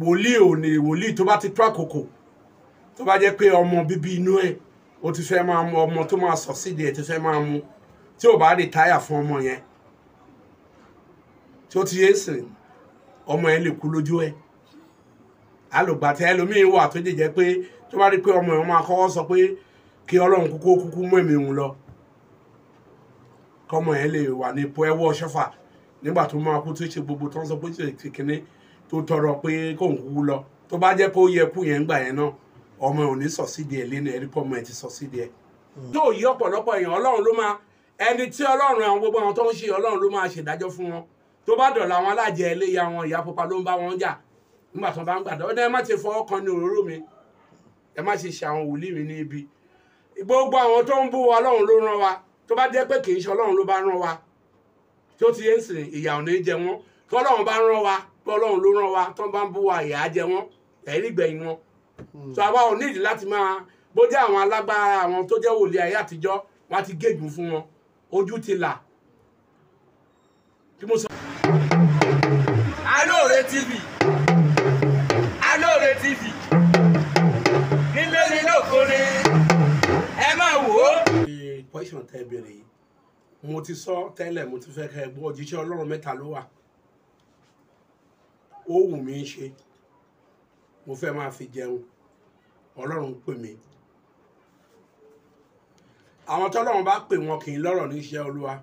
wòlíì ò ní wòlíì tó bá ti tó àkókò tó bá jẹ́ pé ọmọ bíbí inú ẹ̀ ó ti fẹ́ máa mu ọmọ tó máa sọ sídìí ẹ̀ ti fẹ́ máa mu tí ò bá rí táyà fún ọmọ yẹn tí ó ti yé sìn ọmọ yẹn lè kú lójú ẹ̀ alùgbàtà ẹlòmíín wà tó jẹjẹ pé tó bá rí pé ọmọ yẹn máa kọ́kọ́ sọ pé kí ọlọ́run kúkú kúkú mú èmi òun lọ kọ́mọ yẹn lè wà ní ipò ẹwọ́ ṣọ́fà nígbà tó máa kú tó ṣe gbogbo tó ń sọ pé ṣe kìkìnní tó tọrọ pé kóun kú lọ tó bá jẹ́ kó yẹ kú yẹn gbà yẹn náà ọmọ ò ní sọ̀sídìí ẹ̀ lẹ́nu ẹ̀rí pọ̀ ọmọ ẹ̀ ti sọ̀sídìí ẹ̀. yóò yí ọ̀pọ̀lọpọ̀ èèyàn ọlọ́run ló máa ẹni tí ọlọ́run àwọn gbogbo àwọn tó ń ṣe ọlọ́run ló máa ṣèdájọ́ fún wọn tó bá dọ̀la wọn alájẹ ẹlẹ́yà wọn ìyá pupa ló ń bá wọn jà nígbà tó bá ń gbàdọ̀ ọ̀dọ̀ ẹ má ti fọwọ́ kan ní òróró mi ẹ má ti ṣe àwọn wòlíì mi ní gbogbo àwọn tó ń bú wa ọlọ́run ló rán wa tó bá jẹ́ pé kì í ṣe ọlọ́run ló bá rán wa tó ti yé ń sìn ìyà ò ní jẹ wọn bá rán wa pọ́lọ́run ló rán wa tán bá ń bú wa ìyà jẹ wọ́n ẹ̀rí gbẹ̀yìn wọn so àwa ò nídìí láti máa bójú àwọn alágbára àwọn tó jẹ́ wòlíì ayé àtijọ́ wọn ti gégùn fún wọn ojú ti là bí TV Alore TV nílé ní lóko ni ẹ máa wò ó. question tẹ́ bèrè yìí mo ti sọ tẹ́lẹ̀ mo ti fẹ́ kẹ́ gbọ́ òjíṣẹ́ ọlọ́run mẹ́ta ló wà ó wù mí ṣe mo fẹ́ máa fi jẹun ọlọ́run pè mí àwọn tọ́lọ́run bá pè wọn kì í lọ́rọ̀ níṣẹ́ olúwa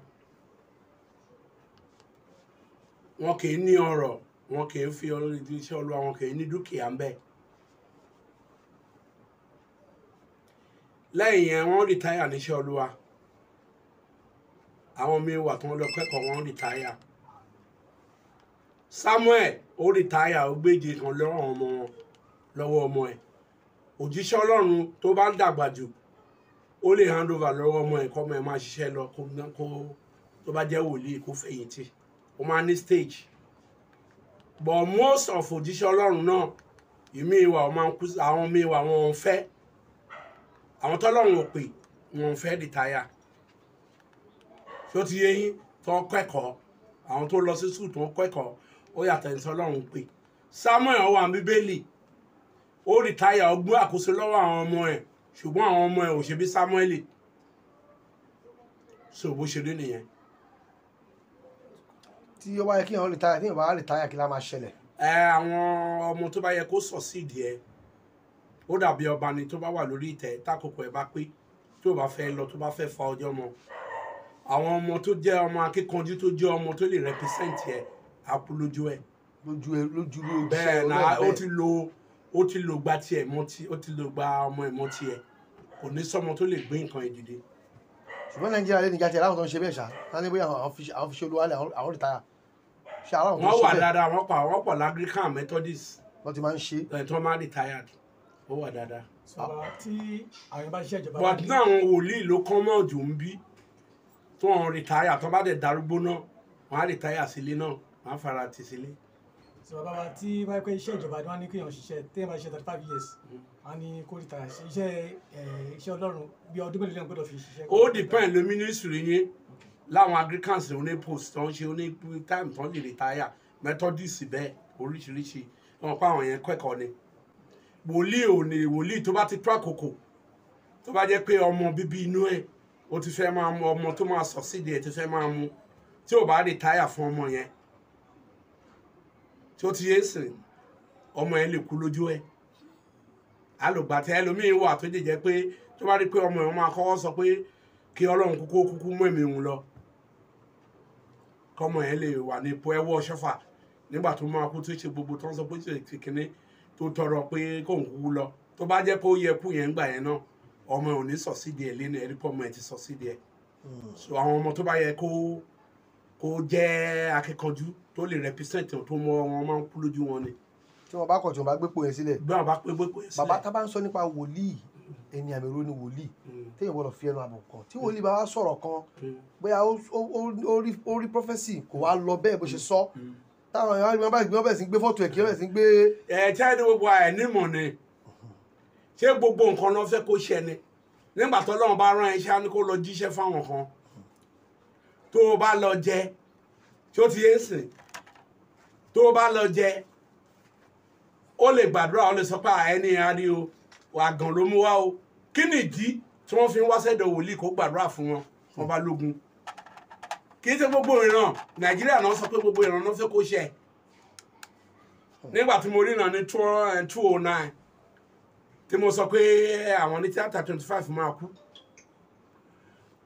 wọn kì í ní ọrọ̀ wọn kì í fi iṣẹ́ olúwa wọn kì í ní dúkìá ń bẹ lẹ́yìn yẹn wọ́n rìtáyà níṣẹ́ olúwa àwọn mi wà tí wọ́n lọ kẹ́kọ̀ọ́ wọ́n rìtáyà samuel ó rìtáyà ó gbéje kan lọ́wọ́ ọmọ wọn lọ́wọ́ ọmọ ẹ̀ òjíṣẹ́ ọlọ́run tó bá ń dàgbà jù ó lè hand over lọ́wọ́ ọmọ ẹ̀ kọ́mọ ẹ̀ máa ṣiṣẹ́ lọ kó tó bá jẹ́ wòlíì kó fẹ̀yìntì ó máa ní stage but most of òjíṣẹ́ ọlọ́run náà ìmí ìwà ọmọ àwọn ìmí ìwà wọn ò fẹ́ àwọn tọ́lọ́run ò pè wọn ò fẹ́ rìtáyà tó ti yẹ yín tó kẹ́kọ̀ọ́ àwọn tó lọ sí sùn tó kẹ́kọ̀ọ́ ó yàtọ̀ ẹni tí ọlọ́run pè samuel ọwọ́ àwọn bíbélì ó rìtáyà ọgbọ́n àkóso lọ́wọ́ àwọn ọmọ ẹ̀ ṣùgbọ́n àwọn ọmọ ẹ̀ ò ṣe bí samuel so bó ṣe rí nìyẹn. tí ó bá yẹ kí èèyàn rìtáyà tí èèyàn bá rìtáyà kí lá máa ṣẹlẹ̀. ẹ àwọn ọmọ tó bá yẹ kó sọ sí ìdí ẹ ó dàbí ọba ni tó bá wà lórí ìtẹ́ tákòkò ẹ bá pé tó bá fẹ́ lọ tó bá fẹ́ fa ọjọ́ mọ́ àwọn ọmọ tó jẹ́ ọmọ akíkanjú tó jẹ́ ọmọ tó lè rẹpísẹ́ǹtì ẹ àpò lójú ẹ. lójú ẹ lójú ló ṣe bẹ́ẹ̀ náà ó ti lo ó ti lo gba tiẹ̀ mọ́ ti ó ti lo gba ọmọ ẹ̀ mọ́ tiẹ̀ kò ní sọmọ tó lè gbé nǹkan ẹ̀ dìde. ṣùgbọ́n nàìjíríà lè níjà tiẹ̀ láwọn tó ń ṣe bẹ́ẹ̀ ṣá tani bóyá àwọn fi ṣe olúwa lẹ̀ àwọn rìtáyà ṣe àwọn tó ń ṣe bẹ́ẹ̀. wọ́n wà dáadáa wọ́n pa àwọn pọ̀ lágríkàn methodist. wọ́n ti máa ń ṣe. ẹ̀ tó máa retired ó wà dáadáa. sọlá ah. tí àwọn bá ṣiṣẹ́ ìjọba. but náà àwọn wòlíì ló kán mọ́ ń bí tó máa fara ti sílé. sọ bàbá wa tí wáyé pé iṣẹ́ ìjọba ni wọ́n ní kí èèyàn ṣiṣẹ́ téèyàn bá ṣiṣẹ́ thirty five years wọ́n hmm. ní kó rí ta iṣẹ́ iṣẹ́ ọlọ́run bí ọdún mélòó lẹ́yìn gbọ́dọ̀ fi ṣiṣẹ́. ó depend lé mínísírì yín láwọn agricans ló ní post tó ń ṣe ó ní time tó ń lè retire methodist bẹ́ẹ̀ oríṣiríṣi wọn pa àwọn yẹn kẹ́kọ̀ọ́ ni wòlíì ò ní wòlíì tó bá ti tó àkókò tó bá jẹ́ pé ọmọ bíbí inú ẹ̀ ó ti fẹ́ máa mu ọmọ tó máa sọ sídìí ẹ̀ ti fẹ́ máa mu tí ò bá retire fún ọmọ yẹn tí ó ti yé sìn ọmọ yẹn lè kú lójú ẹ alùgbàtà ẹlòmíín wà tó jẹjẹ pé tó bá rí pé ọmọ yẹn máa kọ́kọ́ sọ pé kí ọlọ́run kúkú kúkú mú èmi òun lọ kọ́mọ yẹn lè wà ní ipò ẹwọ́ ṣọ́fà nígbà tó máa kú tó ṣe gbogbo tó ń sọ pé ṣe kìkìnní tó tọrọ pé kóun kúkú lọ tó bá jẹ́ kó yẹ kú yẹn gbà yẹn náà ọmọ ò ní sọ sídìí ẹ̀ lẹ́nu ẹ̀rí pọ̀ ọmọ ẹ̀ ti sọ sídìí ẹ̀ hmm. so àwọn ọmọ tó bá yẹ kó kó jẹ́ akẹ́kọ̀ọ́jú tó lè represent tó mọ wọn máa ń kú lójú wọn ni. tí wọn bá kọ̀ tí wọn bá gbépo yẹn sílẹ̀. bí wọn bá gbépo yẹn sílẹ̀. bàbá tá bá ń sọ nípa wòlíì ẹni àmì ro ni wòlíì hmm. téèyàn gbọ́dọ̀ fi ẹnu àbùkù kan tí hmm. wòlíì bá wá sọ̀rọ̀ kan hmm. bóyá ó rí prophecy kò wá lọ bẹ́ẹ̀ bó ṣe sọ táwọn èèyàn àgbẹ̀ bá gbé sí gbé fọ́tò ẹ̀kí ọ̀bẹ̀ sí gbé. ẹ tí a ní gbogbo ẹ nímọ̀ ni ṣé gbogbo nǹkan ló fẹ́ kó ṣẹ ni nígbà tó lọ́wọ́ bá rán iṣẹ́ á ní kó lọ jíṣẹ́ fáwọn kan tó o bá lọ jẹ tí ó ti yé sìn tó o bá lọ jẹ ó lè gbàdúrà ó lè sọ pé ẹni àárí o àgàn ló mú wá o kí nìdí tí wọ́n fi ń wá sẹ́dọ̀ wòlíì kó gbàdúrà fún wọn wọ́n bá lógun kì í ṣe gbogbo ìran nàìjíríà náà sọ pé gbogbo ìran náà fẹ́ kó ṣe nígbà tí mo rí náà ní eh, two oh nine tí mo sọ pé àwọn ní tíátà twenty five máa kú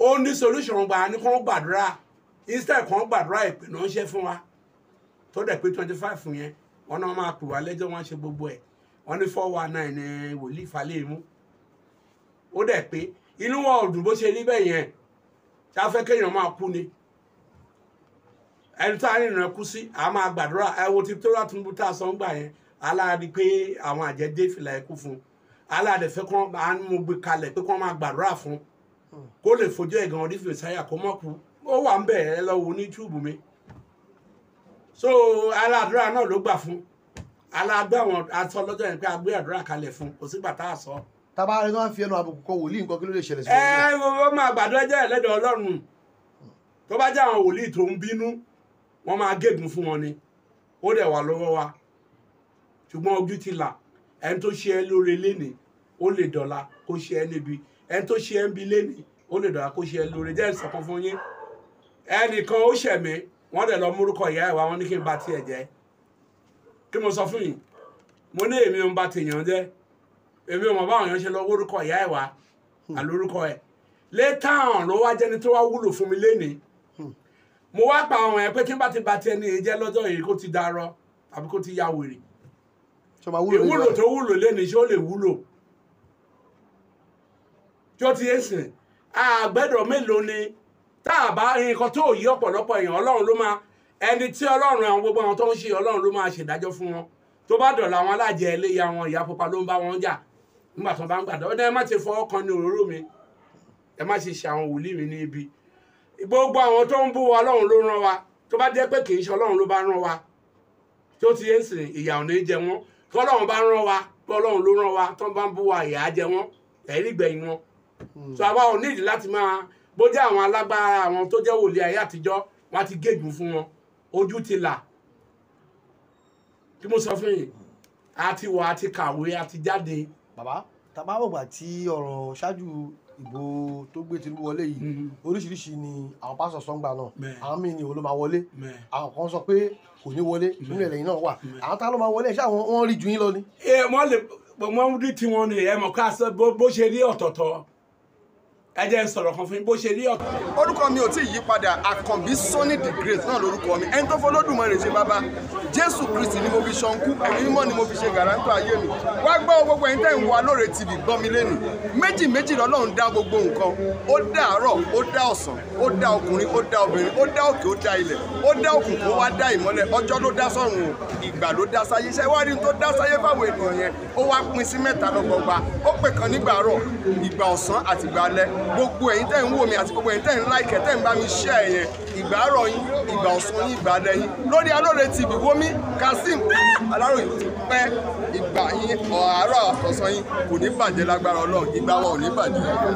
ó ní solution gbà á ní kó gbàdúrà instead kó gbàdúrà ìpè náà ṣe fún wa tó dẹ̀ pé twenty five yẹn wọn náà máa pè wá lẹ́jọ́ wọn ṣe gbogbo ẹ̀ wọn ní four one nine ní wòlíì falẹ́mu ó dẹ̀ pé inú wọn ò dùn bó ṣe rí bẹ́ẹ̀ yẹn tá a fẹ́ kéèyàn máa kú ni ẹni tá a rìn rìn kú sí a máa gbàdúrà ẹ wo ti tó rà tún bú tá a sọ ń gbà yẹn aláàdì pé àwọn àjẹdé fìlà ẹkú fún aláàdì fẹ́ kọ́ máa mú gbé kalẹ̀ pé kọ́ máa gbàdúrà fún un kó lè fojú ẹ̀ gan onífìlè sáyà kó mọ̀ kú ó wà ń bẹ̀ ẹ lọ́wọ́ ní túùbù mi so aládùúrà náà ló gbà fún alágbé àwọn atọ́ lọ́jọ́ yẹn pé agbé àdúrà kalẹ̀ fún kò sígbà tá a sọ. tábà rẹ náà fi ẹnu àbùkù kọ wòlíì nǹkan kí ló lè ṣẹlẹ̀ sí i. ẹ ó máa gbàdúrà jẹ́ ẹlẹ́dọ̀ ọlọ́run tó bá jẹ́ àwọn wòlíì tó ń bínú wọ́n máa gégùn fún wọn ni ó dẹ̀ wà lọ́wọ́ wa ṣùgbọ́n ojú ti là ẹni tó ṣe ẹ lóore lénìí ó lè dọ̀la kó ṣe ẹ níbi ẹni tó ṣe ẹ́ ń bi léni ó lè dọ̀la kó ṣe ẹ́ lóore jẹ́ ìsọ̀kọ fún yín ẹnìkan ó ṣẹ̀mí wọ́n dẹ̀ lọ múrúkọ ìyá ìwà wọn ní kí n ba tiẹ̀ jẹ́ kí mo sọ fún yín mo ní èmi ń ba tèèyàn jẹ́ èmi ò mọ̀ báwọn èèyàn ṣe lọ wórúkọ ìyá ìwà àlórúkọ ẹ̀ létàán ló wá jẹ́ni tó wá wúlò fún mi lénìí mo wá pa àwọn yẹn pé kí n bá ti ba tiẹ̀ ní ìjẹ́ lọ́jọ́ yìí kó ti darọ tàbí kó ti ya wèrè ìwúlò tó wúlò lénìí ṣé ó lè wúlò tó ti yé sìn àgbẹ̀dọ̀ mélòó ni tá a bá nǹkan tó yí ọ̀pọ̀lọpọ̀ èèyàn ọlọ́run ló máa ẹni tí ọlọ́run àwọn gbogbo àwọn tó ń ṣe ọlọ́run ló máa ṣèdájọ́ fún wọn tó bá dọ̀la àwọn alájẹ ẹlẹ́yà wọn ìyá pupa ló ń bá wọn jà nígbà tó bá ń gbàdọ̀ ọdún ẹ má ti fọwọ́ kan ní òróró mi ẹ má ṣe ṣe àwọn wòlíì mi ní ibi gbogbo àwọn tó ń bú wa ọlọ́run ló rán wa tó bá jẹ́ pé kì í ṣe ọlọ́run ló bá rán wa tó ti ń sìn ìyà ò jẹ wọn tọ́lọ́run bá rán wa tọ́lọ́run ló rán wa tó bá ń bú wa ìyà jẹ wọn ẹ̀rí gbẹ̀yìn wọn so àwa ò nídìí láti máa bójú àwọn alágbára àwọn tó jẹ́ wòlíì ayé àtijọ́ wọn ti gégùn fún wọn ojú ti là kí mo sọ fún yín àti wà àti kàwé àti jáde. bàbá tàbá wọ̀gbà tí ọ̀rọ̀ ṣáájú ìbò tó gbé tìlú wọlé yìí mm-hmm. oríṣiríṣi ni àwọn pásọ sọgbà náà àwọn míì ni olóma wọlé àwọn kan sọ pé kò ní wọlé nínú ẹlẹyìn náà wà àwọn tá ló máa wọlé ṣáà wọn rí ju yín lọ ni. ẹ eh, wọn lè wọn rí tiwọn ni ẹ mọ ká bó ṣe rí ọ̀tọ̀ọ̀tọ̀ ẹ jẹ́ ń sọ̀rọ̀ kan fún yín bó ṣe rí ọ̀tún. orúkọ mi ò tí ì yí padà àkànbí sọ́ni the great náà lórúkọ mi ẹni tó fọlọ́dúnmọ̀rẹ̀ ṣe bàbá jésù kristi ni mo fi ṣọ̀nkú ẹ̀mí mímọ́ ni mo fi ṣe gàrántó ayé mi wá gbọ́ gbogbo ẹ̀yin tẹ́ ń wo Alore TV gbọ́ mi lẹ́nu méjì méjì lọ́lọ́run dá gbogbo nǹkan ó dá àárọ̀ ó dá ọ̀sán ó dá ọkùnrin ó dá obìnrin ó dá òkè ó dá ilẹ̀ ó dá òkùnkùn ó wá dá ìmọ́lẹ̀ ọjọ́ ló dá sọ́run o ìgbà ló dá sáyé iṣẹ́ wá rí tó dá sáyé fáwọn ènìyàn yẹn ó wá pín sí mẹ́ta lọ́gbọ̀gba ó pè kan nígbà àárọ̀ ìgbà ọ̀sán àtìgbà alẹ́ gbogbo ẹ̀yin tẹ́ ń wò mí àti gbogbo ẹ̀yin tẹ́ ń láìkẹ́ tẹ́ ń bá mi ṣẹ́ ẹ̀ yẹn ìgbà àárọ̀ yín ìgbà ọ̀sán yín ìgbà alẹ́ yín lórí Alore TV Wòmí Kazeem Aláròyé ti pẹ́ ìgbà yín ọ̀hárọ̀ àtọ̀sán yín kò ní bàjẹ́ lágbára Ọlọ́run ìgbà wa ò ní bàjẹ́.